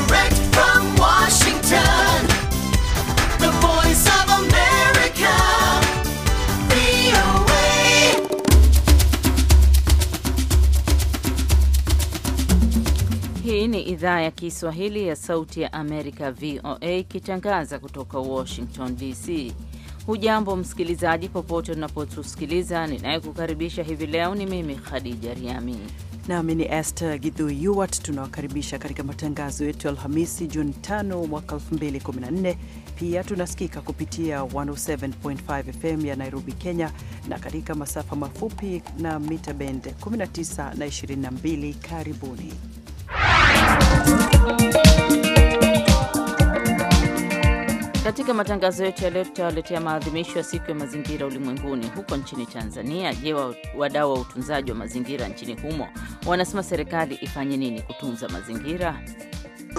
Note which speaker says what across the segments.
Speaker 1: Direct from Washington, the voice of America, VOA.
Speaker 2: Hii ni idhaa ya Kiswahili ya Sauti ya Amerika, VOA, ikitangaza kutoka Washington DC. Hujambo msikilizaji, popote unapotusikiliza. Ninayekukaribisha hivi leo ni mimi Khadija Riami
Speaker 3: nami ni Esther gidhu Yuwat. Tunawakaribisha katika matangazo yetu ya Alhamisi, Juni 5 mwaka 2014. Pia tunasikika kupitia 107.5 FM ya Nairobi, Kenya, na katika masafa mafupi na mita bend 19 na 22. Karibuni
Speaker 2: katika matangazo yetu ya leo tutawaletea maadhimisho ya siku ya mazingira ulimwenguni huko nchini Tanzania. Je, wadau wa utunzaji wa mazingira nchini humo wanasema serikali ifanye nini kutunza mazingira?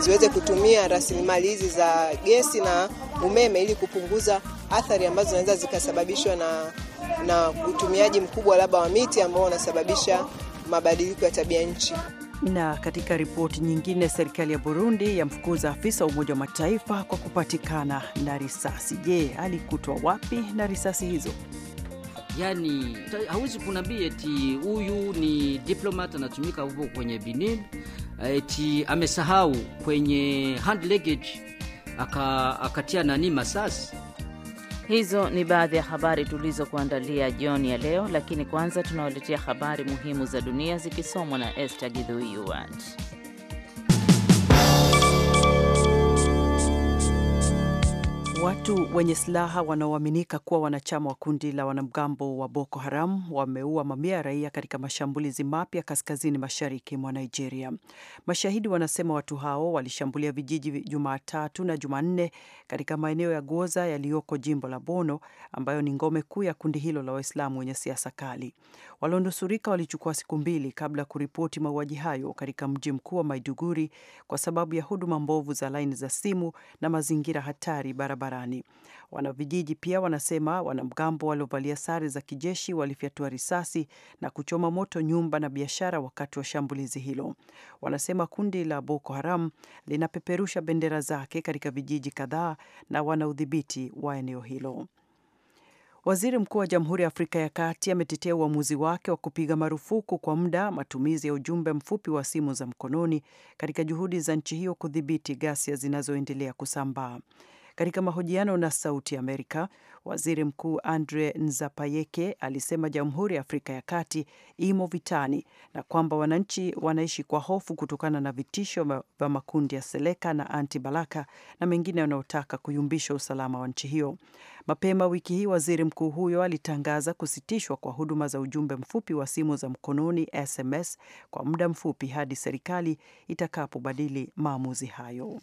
Speaker 4: ziweze kutumia rasilimali hizi za gesi na umeme ili kupunguza athari ambazo zinaweza zikasababishwa na, na utumiaji mkubwa labda wa miti ambao wanasababisha mabadiliko ya tabia nchi.
Speaker 3: Na katika ripoti nyingine, serikali ya Burundi yamfukuza afisa wa Umoja wa Mataifa kwa kupatikana na risasi. Je, alikutwa wapi na risasi hizo?
Speaker 1: yani hawezi kunambia eti huyu ni diplomat anatumika huko kwenye Benin, eti amesahau kwenye hand luggage akatia aka nani masasi
Speaker 2: Hizo ni baadhi ya habari tulizokuandalia jioni ya leo, lakini kwanza tunawaletea habari muhimu za dunia zikisomwa na Esther Gidhui
Speaker 3: Watu wenye silaha wanaoaminika kuwa wanachama wa kundi la wanamgambo wa Boko Haram wameua mamia ya raia katika mashambulizi mapya kaskazini mashariki mwa Nigeria. Mashahidi wanasema watu hao walishambulia vijiji Jumatatu na Jumanne katika maeneo ya Goza yaliyoko jimbo la bono ambayo ni ngome kuu ya kundi hilo la Waislamu wenye siasa kali. Walionusurika walichukua siku mbili kabla ya kuripoti mauaji hayo katika mji mkuu wa Maiduguri kwa sababu ya huduma mbovu za laini za simu na mazingira hatari barabara barabarani. Wanavijiji pia wanasema wanamgambo waliovalia sare za kijeshi walifyatua risasi na kuchoma moto nyumba na biashara wakati wa shambulizi hilo. Wanasema kundi la Boko Haram linapeperusha bendera zake katika vijiji kadhaa na wana udhibiti wa eneo hilo. Waziri Mkuu wa Jamhuri ya Afrika ya Kati ametetea uamuzi wake wa kupiga marufuku kwa muda matumizi ya ujumbe mfupi wa simu za mkononi katika juhudi za nchi hiyo kudhibiti ghasia zinazoendelea kusambaa. Katika mahojiano na Sauti Amerika, waziri mkuu Andre Nzapayeke alisema Jamhuri ya Afrika ya Kati imo vitani na kwamba wananchi wanaishi kwa hofu kutokana na vitisho vya makundi ya Seleka na Anti Balaka na mengine wanaotaka kuyumbisha usalama wa nchi hiyo. Mapema wiki hii waziri mkuu huyo alitangaza kusitishwa kwa huduma za ujumbe mfupi wa simu za mkononi SMS kwa muda mfupi hadi serikali itakapobadili maamuzi hayo.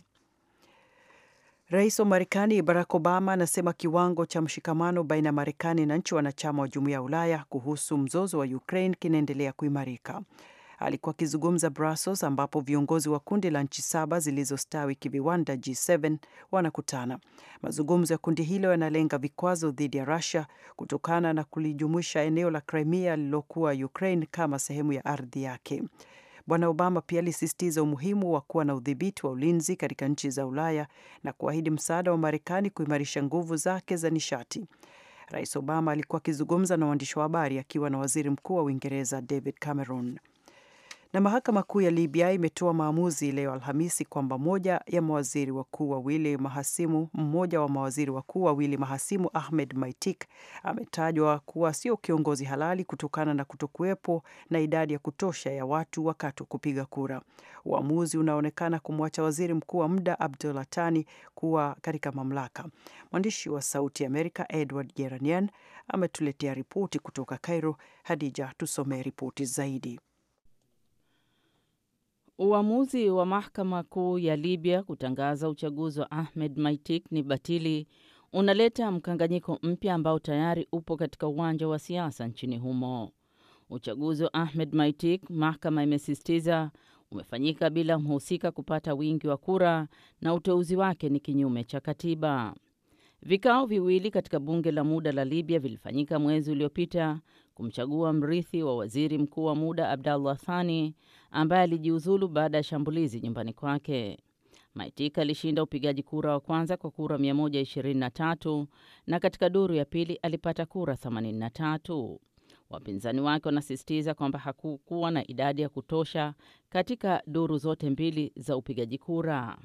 Speaker 3: Rais wa Marekani Barack Obama anasema kiwango cha mshikamano baina ya Marekani na nchi wanachama wa Jumuiya ya Ulaya kuhusu mzozo wa Ukraine kinaendelea kuimarika. Alikuwa akizungumza Brussels, ambapo viongozi wa kundi la nchi saba zilizostawi kiviwanda G7 wanakutana. Mazungumzo ya kundi hilo yanalenga vikwazo dhidi ya Rusia kutokana na kulijumuisha eneo la Crimea lililokuwa Ukraine kama sehemu ya ardhi yake. Bwana Obama pia alisisitiza umuhimu wa kuwa na udhibiti wa ulinzi katika nchi za Ulaya na kuahidi msaada wa Marekani kuimarisha nguvu zake za nishati. Rais Obama alikuwa akizungumza na waandishi wa habari akiwa na waziri mkuu wa Uingereza David Cameron. Na mahakama kuu ya Libya imetoa maamuzi leo Alhamisi kwamba moja ya mawaziri wakuu wawili mahasimu, mmoja wa mawaziri wakuu wawili mahasimu Ahmed Maitik ametajwa kuwa sio kiongozi halali kutokana na kutokuwepo na idadi ya kutosha ya watu wakati wa kupiga kura. Uamuzi unaonekana kumwacha waziri mkuu wa muda Abdullah Tani kuwa katika mamlaka. Mwandishi wa Sauti Amerika Edward Geranian ametuletea ripoti kutoka Cairo. Hadija tusomee ripoti zaidi.
Speaker 2: Uamuzi wa mahakama kuu ya Libya kutangaza uchaguzi wa Ahmed Maitik ni batili unaleta mkanganyiko mpya ambao tayari upo katika uwanja wa siasa nchini humo. Uchaguzi wa Ahmed Maitik, mahakama imesisitiza, umefanyika bila mhusika kupata wingi wa kura na uteuzi wake ni kinyume cha katiba. Vikao viwili katika bunge la muda la Libya vilifanyika mwezi uliopita kumchagua mrithi wa waziri mkuu wa muda Abdallah Thani ambaye alijiuzulu baada ya shambulizi nyumbani kwake. Maitika alishinda upigaji kura wa kwanza kwa kura 123 na katika duru ya pili alipata kura 83. Wapinzani wake wanasisitiza kwamba hakukuwa na idadi ya kutosha katika duru zote mbili za upigaji kura.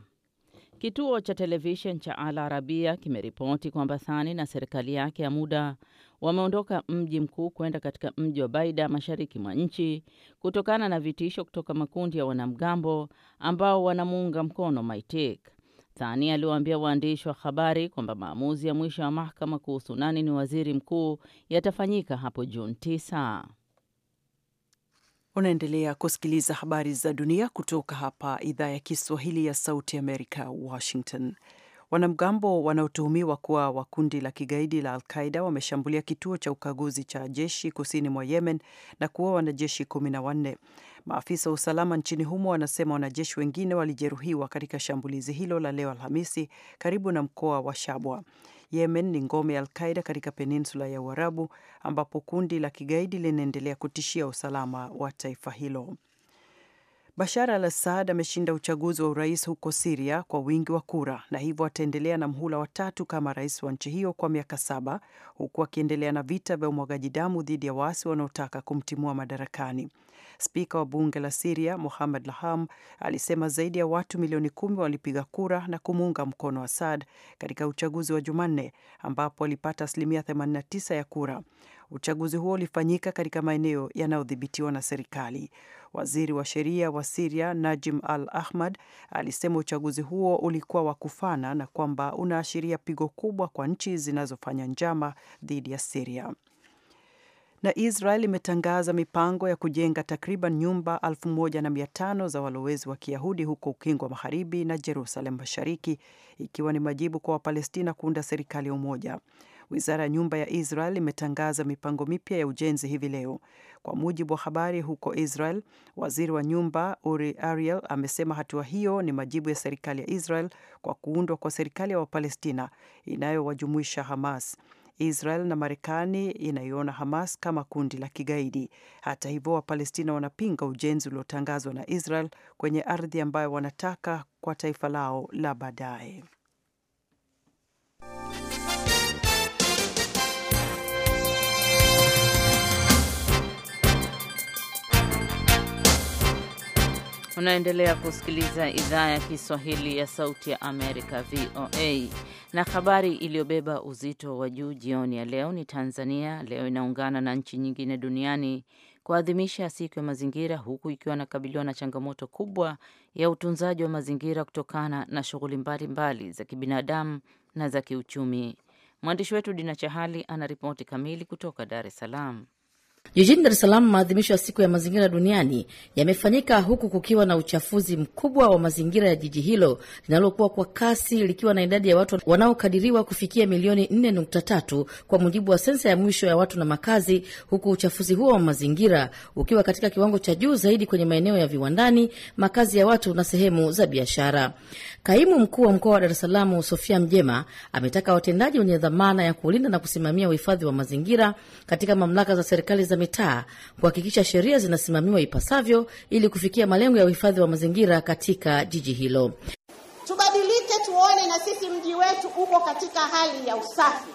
Speaker 2: Kituo cha televishen cha Al Arabia kimeripoti kwamba Thani na serikali yake ya muda wameondoka mji mkuu kwenda katika mji wa Baida mashariki mwa nchi kutokana na vitisho kutoka makundi ya wanamgambo ambao wanamuunga mkono Maitik. Thani aliwaambia waandishi wa habari kwamba maamuzi ya mwisho ya mahakama kuhusu nani ni waziri mkuu yatafanyika hapo Juni
Speaker 3: 9. Unaendelea kusikiliza habari za dunia kutoka hapa idhaa ya Kiswahili ya Sauti Amerika, Washington. Wanamgambo wanaotuhumiwa kuwa wa kundi la kigaidi la alqaida wameshambulia kituo cha ukaguzi cha jeshi kusini mwa Yemen na kuua wanajeshi kumi na wanne. Maafisa wa usalama nchini humo wanasema wanajeshi wengine walijeruhiwa katika shambulizi hilo la leo Alhamisi karibu na mkoa wa Shabwa. Yemen ni ngome ya alqaida katika peninsula ya Uarabu ambapo kundi la kigaidi linaendelea kutishia usalama wa taifa hilo. Bashar al Assad ameshinda uchaguzi wa urais huko Siria kwa wingi wa kura na hivyo ataendelea na mhula watatu kama rais wa nchi hiyo kwa miaka saba huku akiendelea na vita vya umwagaji damu dhidi ya waasi wanaotaka kumtimua madarakani. Spika wa bunge la Siria Mohamed Laham alisema zaidi ya watu milioni kumi walipiga kura na kumuunga mkono Assad katika uchaguzi wa Jumanne ambapo walipata asilimia 89 ya kura. Uchaguzi huo ulifanyika katika maeneo yanayodhibitiwa na serikali. Waziri wa sheria wa Siria Najim Al Ahmad alisema uchaguzi huo ulikuwa wa kufana na kwamba unaashiria pigo kubwa kwa nchi zinazofanya njama dhidi ya Siria na Israel imetangaza mipango ya kujenga takriban nyumba 1500 za walowezi wa Kiyahudi huko Ukingo wa Magharibi na Jerusalem Mashariki, ikiwa ni majibu kwa Wapalestina kuunda serikali ya umoja. Wizara ya nyumba ya Israel imetangaza mipango mipya ya ujenzi hivi leo. Kwa mujibu wa habari huko Israel, waziri wa nyumba Uri Ariel amesema hatua hiyo ni majibu ya serikali ya Israel kwa kuundwa kwa serikali ya Wapalestina inayowajumuisha Hamas. Israel na Marekani inaiona Hamas kama kundi la kigaidi. Hata hivyo, Wapalestina wanapinga ujenzi uliotangazwa na Israel kwenye ardhi ambayo wanataka kwa taifa lao la baadaye.
Speaker 2: Unaendelea kusikiliza idhaa ya Kiswahili ya Sauti ya Amerika, VOA. Na habari iliyobeba uzito wa juu jioni ya leo ni Tanzania leo inaungana na nchi nyingine duniani kuadhimisha siku ya mazingira, huku ikiwa inakabiliwa na changamoto kubwa ya utunzaji wa mazingira kutokana na shughuli mbalimbali za kibinadamu na za kiuchumi. Mwandishi wetu Dina Chahali ana ripoti kamili kutoka Dar es Salaam.
Speaker 5: Jijini Dar es Salaam, maadhimisho ya siku ya mazingira duniani yamefanyika huku kukiwa na uchafuzi mkubwa wa mazingira ya jiji hilo linalokuwa kwa kasi likiwa na idadi ya watu wanaokadiriwa kufikia milioni 4.3 kwa mujibu wa sensa ya mwisho ya watu na makazi, huku uchafuzi huo wa mazingira ukiwa katika kiwango cha juu zaidi kwenye maeneo ya viwandani, makazi ya watu na sehemu za biashara. Kaimu mkuu wa mkoa wa Dar es Salaam Sofia Mjema ametaka watendaji wenye dhamana ya kulinda na kusimamia uhifadhi wa mazingira katika mamlaka za serikali za za mitaa kuhakikisha sheria zinasimamiwa ipasavyo ili kufikia malengo ya uhifadhi wa mazingira katika jiji hilo.
Speaker 4: Tubadilike, tuone na sisi mji wetu uko katika hali ya usafi,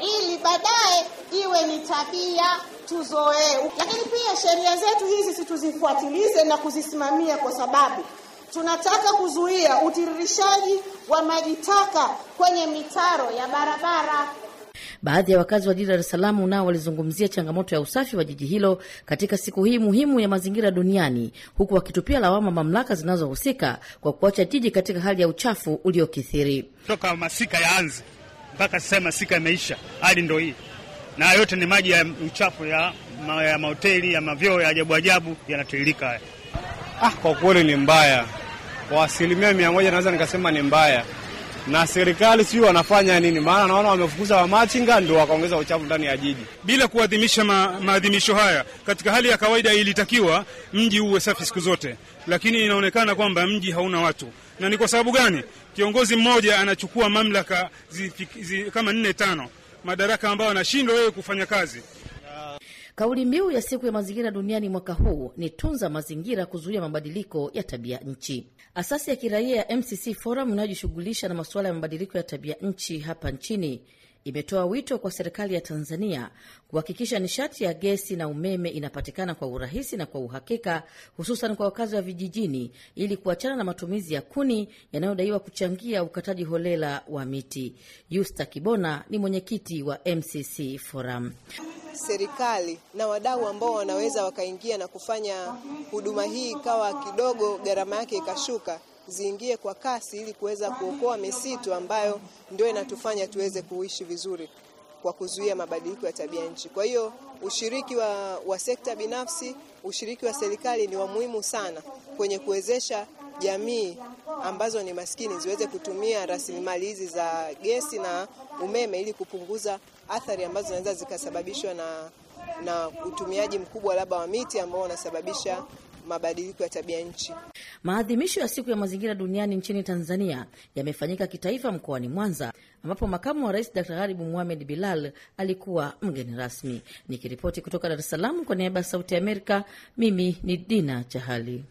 Speaker 4: ili baadaye iwe ni tabia tuzoee. Lakini pia sheria zetu hizi situzifuatilize na kuzisimamia, kwa sababu tunataka kuzuia utiririshaji wa maji taka kwenye mitaro ya barabara.
Speaker 5: Baadhi ya wakazi wa jiji la Dar es Salaam nao walizungumzia changamoto ya usafi wa jiji hilo katika siku hii muhimu ya mazingira duniani, huku wakitupia lawama mamlaka zinazohusika kwa kuacha jiji katika hali ya uchafu uliokithiri.
Speaker 6: Toka masika yaanze mpaka sasa masika yameisha, hali ndo hii na yote ni maji ya uchafu ya mahoteli ya mavyoo ya ajabu ajabu yanatiririka haya. Ah, kwa kweli ni mbaya
Speaker 7: kwa asilimia mia moja, naweza nikasema ni mbaya na serikali sijui wanafanya
Speaker 8: nini, maana naona wamefukuza wamachinga ndio wakaongeza uchafu ndani ya jiji bila kuadhimisha ma, maadhimisho haya. Katika hali ya kawaida ilitakiwa mji uwe safi siku zote, lakini inaonekana kwamba mji hauna watu, na ni kwa sababu gani? Kiongozi mmoja anachukua mamlaka zi, zi, kama nne tano madaraka ambayo anashindwa wewe kufanya kazi.
Speaker 5: Kauli mbiu ya siku ya mazingira duniani mwaka huu ni tunza mazingira, kuzuia mabadiliko ya tabia nchi. Asasi ya kiraia ya MCC Forum inayojishughulisha na masuala ya mabadiliko ya tabia nchi hapa nchini imetoa wito kwa serikali ya Tanzania kuhakikisha nishati ya gesi na umeme inapatikana kwa urahisi na kwa uhakika, hususan kwa wakazi wa vijijini, ili kuachana na matumizi ya kuni yanayodaiwa kuchangia ukataji holela wa miti. Yusta Kibona ni mwenyekiti wa MCC Forum
Speaker 4: serikali na wadau ambao wanaweza wakaingia na kufanya huduma hii ikawa kidogo gharama yake ikashuka, ziingie kwa kasi ili kuweza kuokoa misitu ambayo ndio inatufanya tuweze kuishi vizuri kwa kuzuia mabadiliko ya tabia nchi. Kwa hiyo ushiriki wa, wa sekta binafsi, ushiriki wa serikali ni wa muhimu sana kwenye kuwezesha jamii ambazo ni maskini ziweze kutumia rasilimali hizi za gesi na umeme ili kupunguza athari ambazo zinaweza zikasababishwa na, na utumiaji mkubwa labda wa miti ambao unasababisha mabadiliko ya tabia nchi.
Speaker 5: Maadhimisho ya siku ya mazingira duniani nchini Tanzania yamefanyika kitaifa mkoani Mwanza, ambapo makamu wa rais Dr Gharibu Muhamed Bilal alikuwa mgeni rasmi. Nikiripoti kutoka Dar es Salaam kwa niaba ya Sauti ya Amerika, mimi ni Dina Chahali.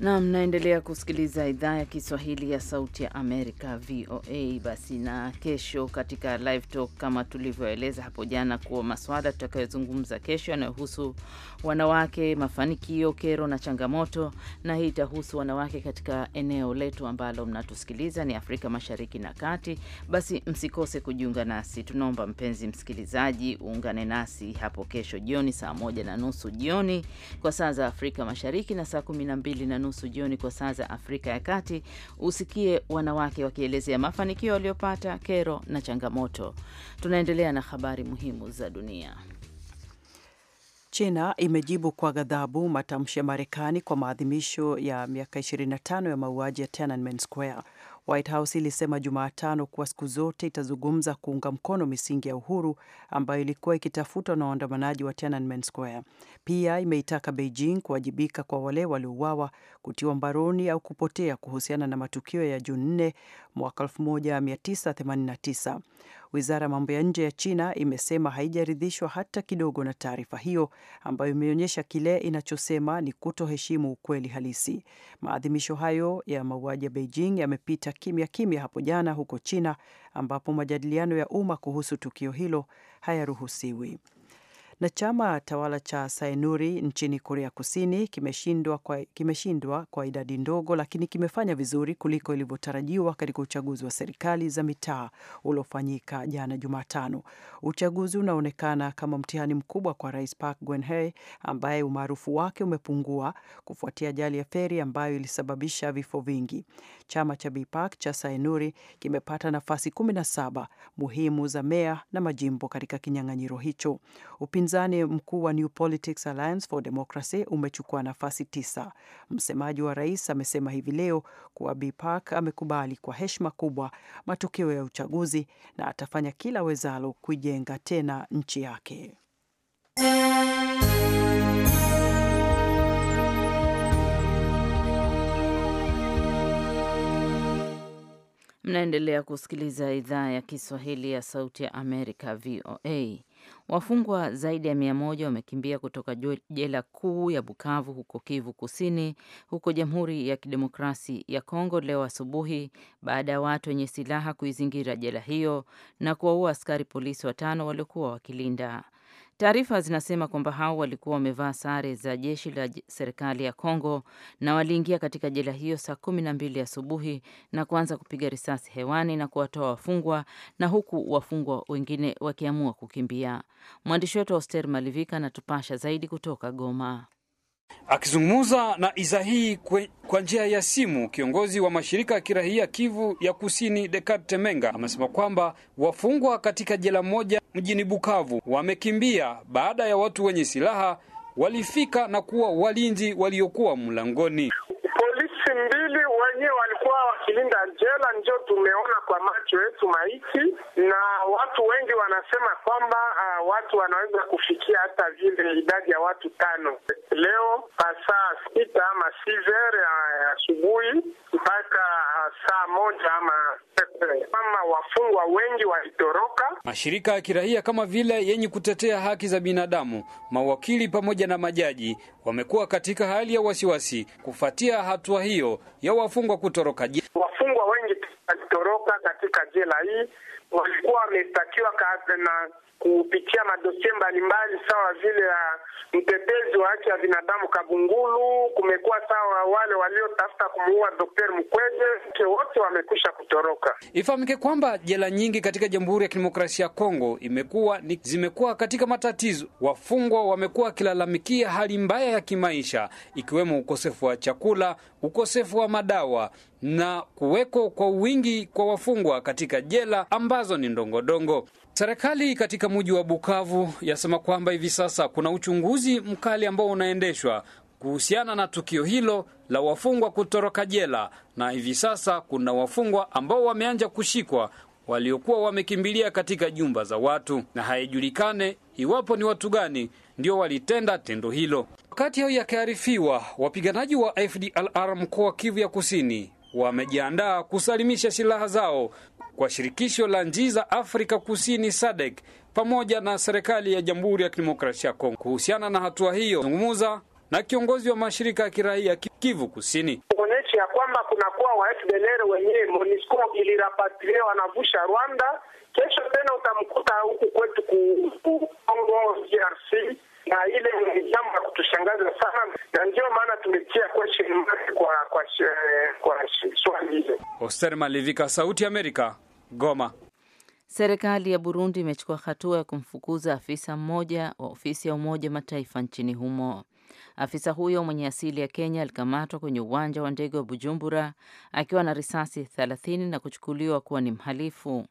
Speaker 2: na mnaendelea kusikiliza idhaa ya Kiswahili ya Sauti ya Amerika, VOA. Basi na kesho katika Live Talk, kama tulivyoeleza hapo jana, kuwa maswala tutakayozungumza kesho yanayohusu wanawake, mafanikio, kero na changamoto, na hii itahusu wanawake katika eneo letu ambalo mnatusikiliza ni Afrika Mashariki na Kati. Basi msikose kujiunga nasi, tunaomba mpenzi msikilizaji uungane nasi hapo kesho jioni saa moja na nusu jioni kwa saa za Afrika Mashariki na saa kumi na mbili na nusu nusu jioni kwa saa za Afrika ya Kati, usikie wanawake wakielezea mafanikio
Speaker 3: waliopata, kero na changamoto. Tunaendelea na habari muhimu za dunia. China imejibu kwa ghadhabu matamshi ya Marekani kwa maadhimisho ya miaka 25 ya mauaji ya Tiananmen Square. White House ilisema Jumatano kuwa siku zote itazungumza kuunga mkono misingi ya uhuru ambayo ilikuwa ikitafutwa na waandamanaji wa Tiananmen Square. Pia imeitaka Beijing kuwajibika kwa wale waliouawa, kutiwa mbaroni au kupotea kuhusiana na matukio ya Juni 4 mwaka 1989. Wizara ya mambo ya nje ya China imesema haijaridhishwa hata kidogo na taarifa hiyo ambayo imeonyesha kile inachosema ni kutoheshimu ukweli halisi. Maadhimisho hayo ya mauaji ya Beijing yamepita kimya kimya hapo jana huko China ambapo majadiliano ya umma kuhusu tukio hilo hayaruhusiwi na chama tawala cha sainuri nchini Korea Kusini kimeshindwa kwa, kimeshindwa kwa idadi ndogo, lakini kimefanya vizuri kuliko ilivyotarajiwa katika uchaguzi wa serikali za mitaa uliofanyika jana Jumatano. Uchaguzi unaonekana kama mtihani mkubwa kwa Rais Park Geun-hye ambaye umaarufu wake umepungua kufuatia ajali ya feri ambayo ilisababisha vifo vingi. Chama cha Bipak cha sainuri kimepata nafasi 17 muhimu za meya na majimbo katika kinyang'anyiro hicho. Upinzani mkuu wa New Politics Alliance for Democracy umechukua nafasi tisa. Msemaji wa rais amesema hivi leo kuwa Bi Park amekubali kwa heshima kubwa matokeo ya uchaguzi na atafanya kila wezalo kuijenga tena nchi yake.
Speaker 2: Mnaendelea kusikiliza idhaa ya Kiswahili ya Sauti ya Amerika, VOA. Wafungwa zaidi ya mia moja wamekimbia kutoka jela kuu ya Bukavu huko Kivu Kusini, huko Jamhuri ya Kidemokrasi ya Kongo leo asubuhi baada ya watu wenye silaha kuizingira jela hiyo na kuwaua askari polisi watano waliokuwa wakilinda. Taarifa zinasema kwamba hao walikuwa wamevaa sare za jeshi la serikali ya Kongo na waliingia katika jela hiyo saa kumi na mbili asubuhi na kuanza kupiga risasi hewani na kuwatoa wafungwa, na huku wafungwa wengine wakiamua kukimbia. Mwandishi wetu Auster Malivika anatupasha zaidi kutoka Goma.
Speaker 6: Akizungumza na idhaa hii kwa njia ya simu, kiongozi wa mashirika ya kirahia Kivu ya Kusini, Descartes Temenga, amesema kwamba wafungwa katika jela moja mjini Bukavu wamekimbia baada ya watu wenye silaha walifika na kuwa walinzi waliokuwa mlangoni. Polisi mbili wenyewe Kilinda jela ndio tumeona kwa macho yetu maiti, na watu wengi
Speaker 7: wanasema kwamba uh, watu wanaweza kufikia hata vile idadi ya watu tano. Leo pasaa sita ama sivere asubuhi mpaka
Speaker 8: ah, saa moja ama kama wafungwa wengi walitoroka.
Speaker 6: Mashirika ya kiraia kama vile yenye kutetea haki za binadamu, mawakili pamoja na majaji wamekuwa katika hali ya wasiwasi kufuatia hatua hiyo ya wafungwa kutoroka
Speaker 8: walitoroka katika jela hii, walikuwa wameshtakiwa na kupitia madosie mbalimbali sawa vile ya mtetezi wa haki ya binadamu Kabungulu. Kumekuwa sawa wale waliotafuta kumuua Mkweze, ke wote wamekwisha kutoroka.
Speaker 6: Ifahamike kwamba jela nyingi katika Jamhuri ya Kidemokrasia ya Kongo imekuwa ni zimekuwa katika matatizo. Wafungwa wamekuwa wakilalamikia hali mbaya ya kimaisha, ikiwemo ukosefu wa chakula, ukosefu wa madawa na kuweko kwa wingi kwa wafungwa katika jela ambazo ni ndongodongo. Serikali katika mji wa Bukavu yasema kwamba hivi sasa kuna uchunguzi mkali ambao unaendeshwa kuhusiana na tukio hilo la wafungwa kutoroka jela, na hivi sasa kuna wafungwa ambao wameanza kushikwa waliokuwa wamekimbilia katika jumba za watu, na haijulikane iwapo ni watu gani ndio walitenda tendo hilo. Wakati hayo yakiarifiwa, wapiganaji wa FDLR mkoa wa Kivu ya Kusini wamejiandaa kusalimisha silaha zao kwa shirikisho la njii za Afrika Kusini SADC pamoja na serikali ya Jamhuri ya Kidemokrasia ya Kongo. Kuhusiana na hatua hiyo, zungumza na kiongozi wa mashirika ya kiraia Kivu Kusini
Speaker 8: ya kwamba kunakuwa wa FDLR wenyewe MONUSCO ilirapatria wanavusha Rwanda. Kesho tena utamkuta huku kwetu ku Kongo DRC, na ile ni jambo la kutushangaza sana, na ndio maana tumetia question mark kwa kwa eh, kwa swali hilo.
Speaker 6: Oster Malivika, Sauti ya Amerika, Goma.
Speaker 2: Serikali ya Burundi imechukua hatua ya kumfukuza afisa mmoja wa ofisi ya Umoja Mataifa nchini humo. Afisa huyo mwenye asili ya Kenya alikamatwa kwenye uwanja wa ndege wa Bujumbura akiwa na risasi 30 na kuchukuliwa kuwa ni mhalifu.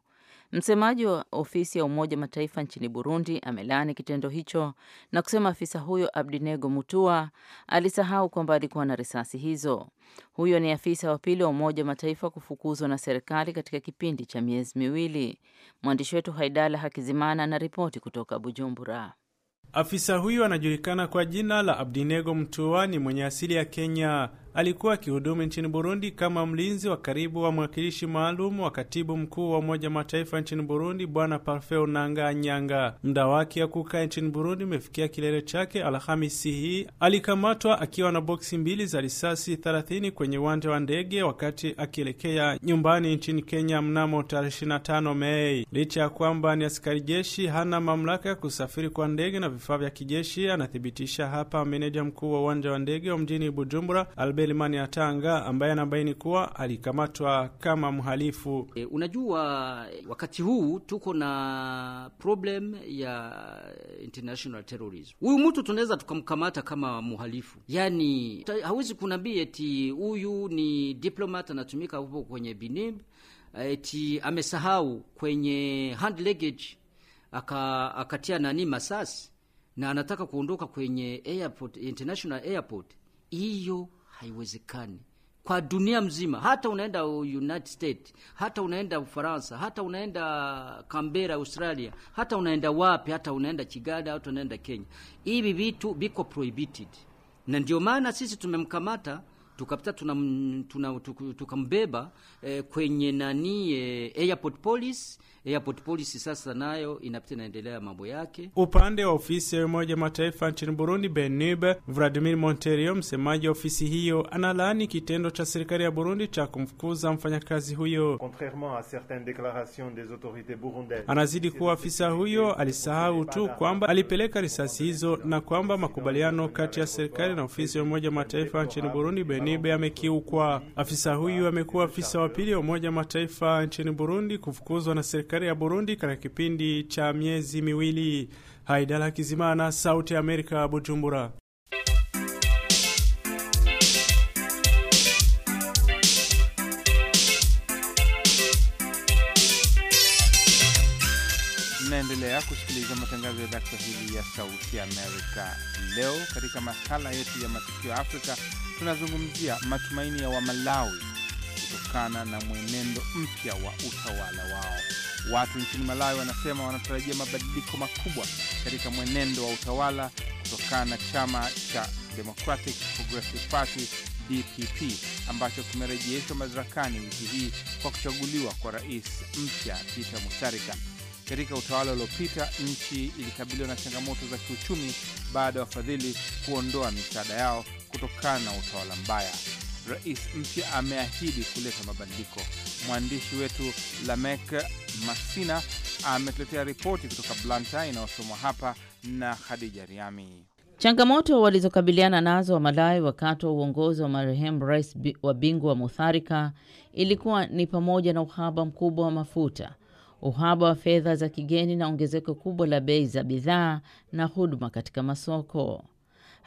Speaker 2: Msemaji wa ofisi ya Umoja Mataifa nchini Burundi amelaani kitendo hicho na kusema afisa huyo Abdinego Mutua alisahau kwamba alikuwa na risasi hizo. Huyo ni afisa wa pili wa Umoja Mataifa kufukuzwa na serikali katika kipindi cha miezi miwili. Mwandishi wetu Haidala Hakizimana ripoti kutoka Bujumbura.
Speaker 7: Afisa huyo anajulikana kwa jina la Abdinego mtua ni mwenye asili ya Kenya alikuwa akihudumu nchini Burundi kama mlinzi wa karibu wa mwakilishi maalum wa katibu mkuu wa Umoja Mataifa nchini Burundi, Bwana Parfeo Nanga Nyanga. Muda wake ya kukaa nchini Burundi umefikia kilele chake. Alhamisi hii alikamatwa akiwa na boksi mbili za risasi 30 kwenye uwanja wa ndege wakati akielekea nyumbani nchini Kenya mnamo tarehe 25 Mei. Licha ya kwamba ni askari jeshi, hana mamlaka ya kusafiri kwa ndege na vifaa vya kijeshi, anathibitisha hapa meneja mkuu wa uwanja wa ndege wa mjini Bujumbura Albert Selemani Atanga Tanga ambaye anabaini kuwa alikamatwa kama mhalifu. E, unajua
Speaker 1: wakati huu tuko na problem ya international terrorism. Huyu mtu tunaweza tukamkamata kama mhalifu, yani hawezi kunambia eti huyu ni diplomat anatumika huko kwenye Binib, eti amesahau kwenye hand luggage aka, akatia nani masasi na anataka kuondoka kwenye airport, international airport hiyo haiwezekani kwa dunia mzima. Hata unaenda United States, hata unaenda Ufaransa, hata unaenda Canberra Australia, hata unaenda wapi, hata unaenda Chigada, hata unaenda Kenya, hivi vitu biko prohibited, na ndio maana sisi tumemkamata tukapita tukambeba eh, kwenye nani eh, airport police. Airport police sasa nayo inapita inaendelea mambo yake.
Speaker 7: Upande wa ofisi ya Umoja Mataifa nchini Burundi, Benibe Vladimir Monterio, msemaji wa ofisi hiyo, analaani kitendo cha serikali ya Burundi cha kumfukuza mfanyakazi huyo. Anazidi kuwa afisa huyo alisahau tu kwamba alipeleka risasi hizo na kwamba makubaliano kati ya serikali na ofisi ya Umoja Mataifa nchini Burundi Benibe Nibe amekiukwa. Afisa huyu amekuwa afisa wa pili wa Umoja wa Mataifa nchini Burundi kufukuzwa na serikali ya Burundi katika kipindi cha miezi miwili. Haidala Kizimana, Sauti ya Amerika, Bujumbura.
Speaker 8: Mnaendelea kusikiliza matangazo ya idhaa Kiswahili ya Sauti Amerika. Leo katika makala yetu ya matukio ya Afrika tunazungumzia matumaini ya Wamalawi kutokana na mwenendo mpya wa utawala wao. Watu nchini Malawi wanasema wanatarajia mabadiliko makubwa katika mwenendo wa utawala kutokana na chama cha Democratic Progressive Party DPP ambacho kimerejeshwa madarakani wiki hii kwa kuchaguliwa kwa rais mpya Peter Mutharika. Katika utawala uliopita nchi ilikabiliwa na changamoto za kiuchumi baada ya wafadhili kuondoa misaada yao kutokana na utawala mbaya. Rais mpya ameahidi kuleta mabadiliko. Mwandishi wetu Lamek Masina ametuletea ripoti kutoka Blanta inayosomwa hapa na Khadija
Speaker 5: Riami.
Speaker 2: Changamoto walizokabiliana nazo wa Malawi wakati wa uongozi wa marehemu rais wa bingwa Mutharika ilikuwa ni pamoja na uhaba mkubwa wa mafuta, uhaba wa fedha za kigeni na ongezeko kubwa la bei za bidhaa na huduma katika masoko.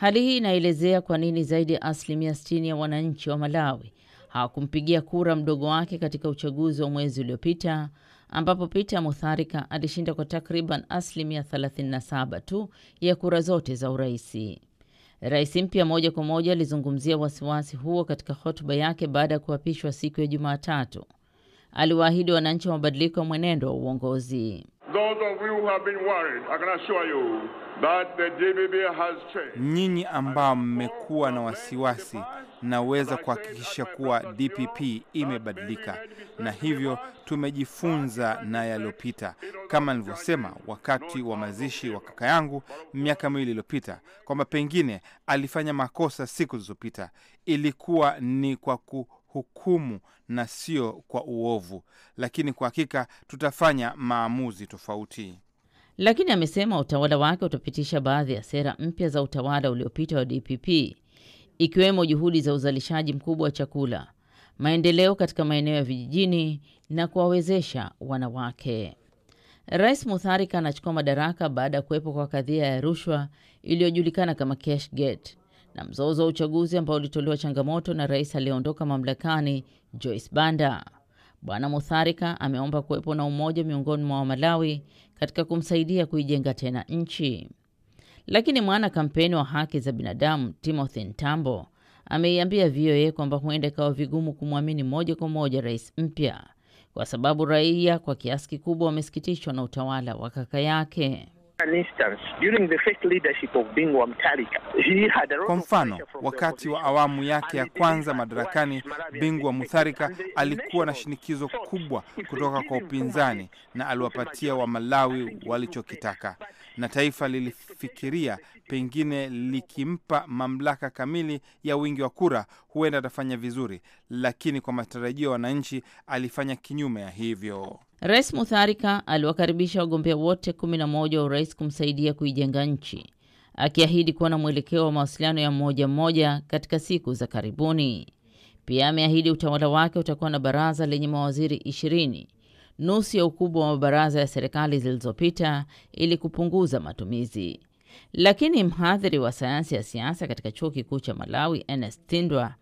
Speaker 2: Hali hii inaelezea kwa nini zaidi ya asilimia 60 ya wananchi wa Malawi hawakumpigia kura mdogo wake katika uchaguzi wa mwezi uliopita ambapo Peter Mutharika alishinda kwa takriban asilimia 37 tu ya kura zote za uraisi. Rais mpya moja kwa moja alizungumzia wasiwasi huo katika hotuba yake baada ya kuapishwa siku ya Jumatatu. Aliwaahidi wananchi wa mabadiliko ya
Speaker 8: mwenendo wa uongozi. Nyinyi ambao mmekuwa na wasiwasi, naweza kuhakikisha kuwa DPP imebadilika, na hivyo tumejifunza na yaliyopita. Kama nilivyosema wakati wa mazishi wa kaka yangu miaka miwili iliyopita, kwamba pengine alifanya makosa siku zilizopita, ilikuwa ni kwa ku hukumu na sio kwa uovu, lakini kwa hakika tutafanya maamuzi tofauti.
Speaker 2: Lakini amesema utawala wake utapitisha baadhi ya sera mpya za utawala uliopita wa DPP, ikiwemo juhudi za uzalishaji mkubwa wa chakula, maendeleo katika maeneo ya vijijini na kuwawezesha wanawake. Rais Mutharika anachukua madaraka baada ya kuwepo kwa kadhia ya rushwa iliyojulikana kama Cashgate na mzozo wa uchaguzi ambao ulitolewa changamoto na rais aliyeondoka mamlakani Joyce Banda. Bwana Mutharika ameomba kuwepo na umoja miongoni mwa Wamalawi katika kumsaidia kuijenga tena nchi. Lakini mwana kampeni wa haki za binadamu Timothy Ntambo ameiambia VOA kwamba huenda ikawa vigumu kumwamini moja kwa moja rais mpya kwa sababu raia kwa kiasi kikubwa wamesikitishwa na utawala wa kaka yake.
Speaker 8: Kwa mfano, wakati wa awamu yake ya kwanza madarakani, Bingwa Mutharika alikuwa na shinikizo kubwa kutoka kwa upinzani na aliwapatia Wamalawi walichokitaka na taifa lilifikiria pengine likimpa mamlaka kamili ya wingi wa kura huenda atafanya vizuri, lakini kwa matarajio ya wananchi alifanya kinyume ya hivyo. Rais
Speaker 2: Mutharika aliwakaribisha wagombea wote kumi na moja wa urais kumsaidia kuijenga nchi, akiahidi kuwa na mwelekeo wa mawasiliano ya moja mmoja katika siku za karibuni. Pia ameahidi utawala wake utakuwa na baraza lenye mawaziri ishirini nusu ya ukubwa wa mabaraza ya serikali zilizopita ili kupunguza matumizi. Lakini mhadhiri wa sayansi ya siasa katika chuo kikuu cha Malawi, Ernest tindwa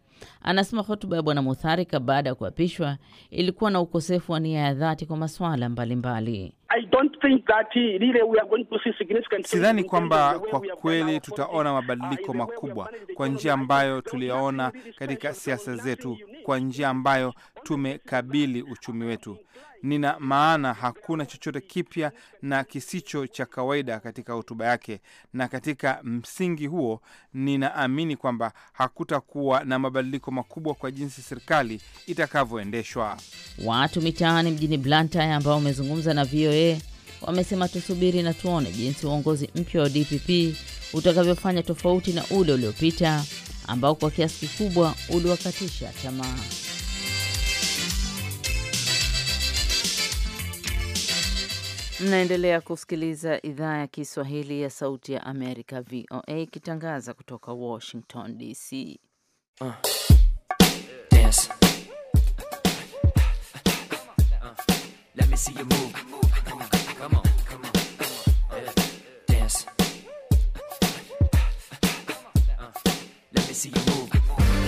Speaker 2: anasema hotuba ya Bwana Mutharika baada ya kuapishwa ilikuwa na ukosefu wa nia ya dhati kwa masuala
Speaker 8: mbalimbali. I don't think that really we are going to see significant. Sidhani kwamba kwa kweli tutaona mabadiliko uh, makubwa kwa njia ambayo tuliyaona katika siasa zetu, kwa njia ambayo tumekabili uchumi wetu. Nina maana hakuna chochote kipya na kisicho cha kawaida katika hotuba yake, na katika msingi huo ninaamini kwamba hakutakuwa na mabadiliko makubwa kwa jinsi serikali itakavyoendeshwa.
Speaker 2: Watu mitaani mjini Blantyre ambao wamezungumza na VOA mwenyewe wamesema tusubiri na tuone jinsi uongozi mpya wa DPP utakavyofanya tofauti na ule uliopita ambao kwa kiasi kikubwa uliwakatisha tamaa. Mnaendelea kusikiliza idhaa ya Kiswahili ya Sauti ya Amerika, VOA, ikitangaza kutoka Washington DC. Uh. Uh. Uh. Uh.
Speaker 1: uh. Let me see you move. Come on, come on, dance. Uh, uh, uh, let me see you move.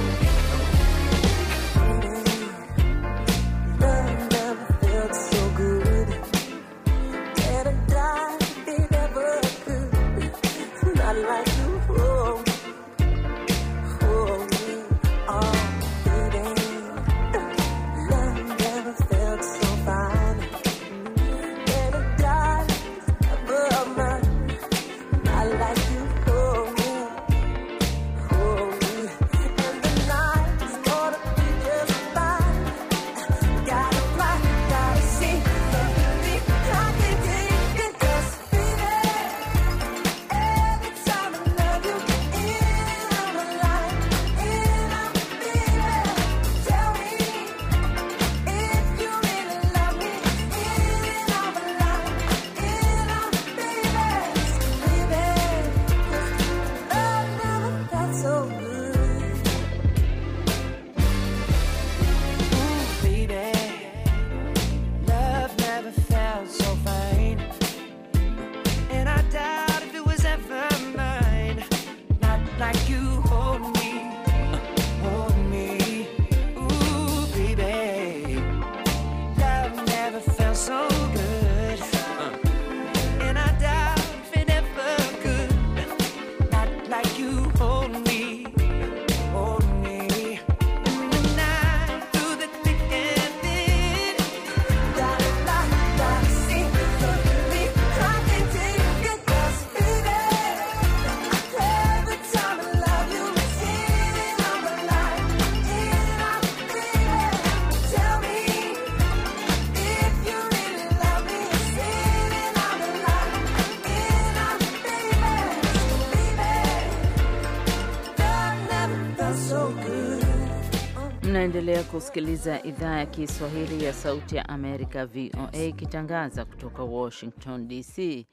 Speaker 2: Unaendelea kusikiliza idhaa ya Kiswahili ya Sauti ya Amerika, VOA, ikitangaza kutoka Washington DC.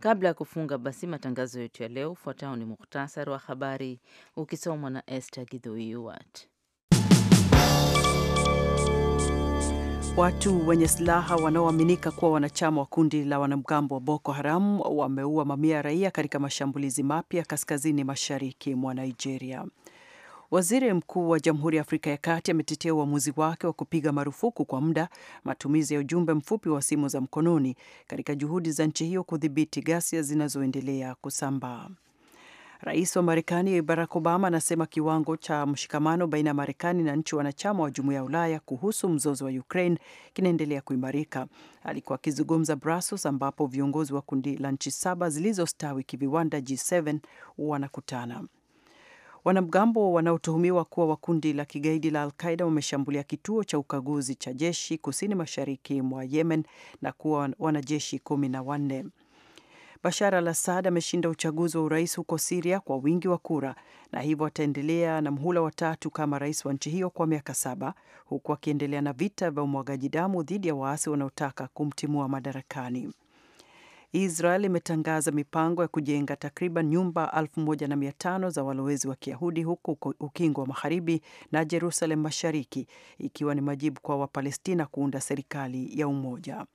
Speaker 2: Kabla ya kufunga basi matangazo yetu ya leo, ufuatao ni muhtasari wa habari ukisomwa na Esther Gidhuiwat.
Speaker 3: Watu wenye silaha wanaoaminika kuwa wanachama wa kundi la wanamgambo wa Boko Haram wameua mamia ya raia katika mashambulizi mapya kaskazini mashariki mwa Nigeria. Waziri Mkuu wa Jamhuri ya Afrika ya Kati ametetea uamuzi wake wa kupiga marufuku kwa muda matumizi ya ujumbe mfupi wa simu za mkononi katika juhudi za nchi hiyo kudhibiti ghasia zinazoendelea kusambaa. Rais wa Marekani Barack Obama anasema kiwango cha mshikamano baina ya Marekani na nchi wanachama wa Jumuiya ya Ulaya kuhusu mzozo wa Ukraine kinaendelea kuimarika. Alikuwa akizungumza Brussels, ambapo viongozi wa kundi la nchi saba zilizostawi kiviwanda G7 wanakutana. Wanamgambo wanaotuhumiwa kuwa wa kundi la kigaidi la alqaida wameshambulia kituo cha ukaguzi cha jeshi kusini mashariki mwa Yemen na kuwa wanajeshi kumi na wanne. Bashar al Assad ameshinda uchaguzi wa urais huko Siria kwa wingi wa kura na hivyo ataendelea na mhula watatu kama rais wa nchi hiyo kwa miaka saba huku akiendelea na vita vya umwagaji damu dhidi ya waasi wanaotaka kumtimua madarakani. Israel imetangaza mipango ya kujenga takriban nyumba 1500 za walowezi wa Kiyahudi huko Ukingo wa Magharibi na Jerusalem Mashariki, ikiwa ni majibu kwa Wapalestina kuunda serikali ya umoja.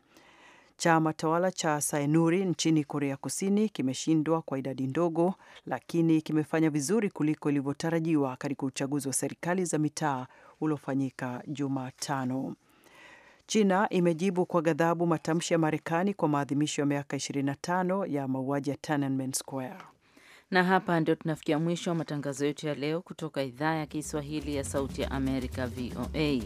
Speaker 3: Chama tawala cha Saenuri nchini Korea Kusini kimeshindwa kwa idadi ndogo, lakini kimefanya vizuri kuliko ilivyotarajiwa katika uchaguzi wa serikali za mitaa uliofanyika Jumatano. China imejibu kwa ghadhabu matamshi ya Marekani kwa maadhimisho ya miaka 25 ya mauaji ya Tiananmen Square.
Speaker 2: Na hapa ndio tunafikia mwisho wa matangazo yetu ya leo kutoka idhaa ya Kiswahili ya Sauti ya Amerika, VOA.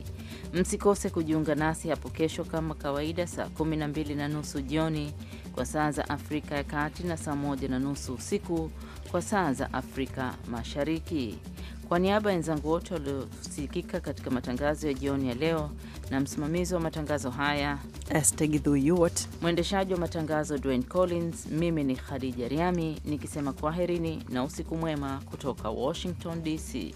Speaker 2: Msikose kujiunga nasi hapo kesho kama kawaida, saa 12 na nusu jioni kwa saa za Afrika ya Kati na saa 1 na nusu usiku kwa saa za Afrika Mashariki. Kwa niaba ya wenzangu wote waliosikika katika matangazo ya jioni ya leo, na msimamizi wa matangazo haya
Speaker 3: Estegidhyuwat,
Speaker 2: mwendeshaji wa matangazo Dwayne Collins, mimi ni Khadija Riami nikisema kwaherini na usiku mwema kutoka Washington DC.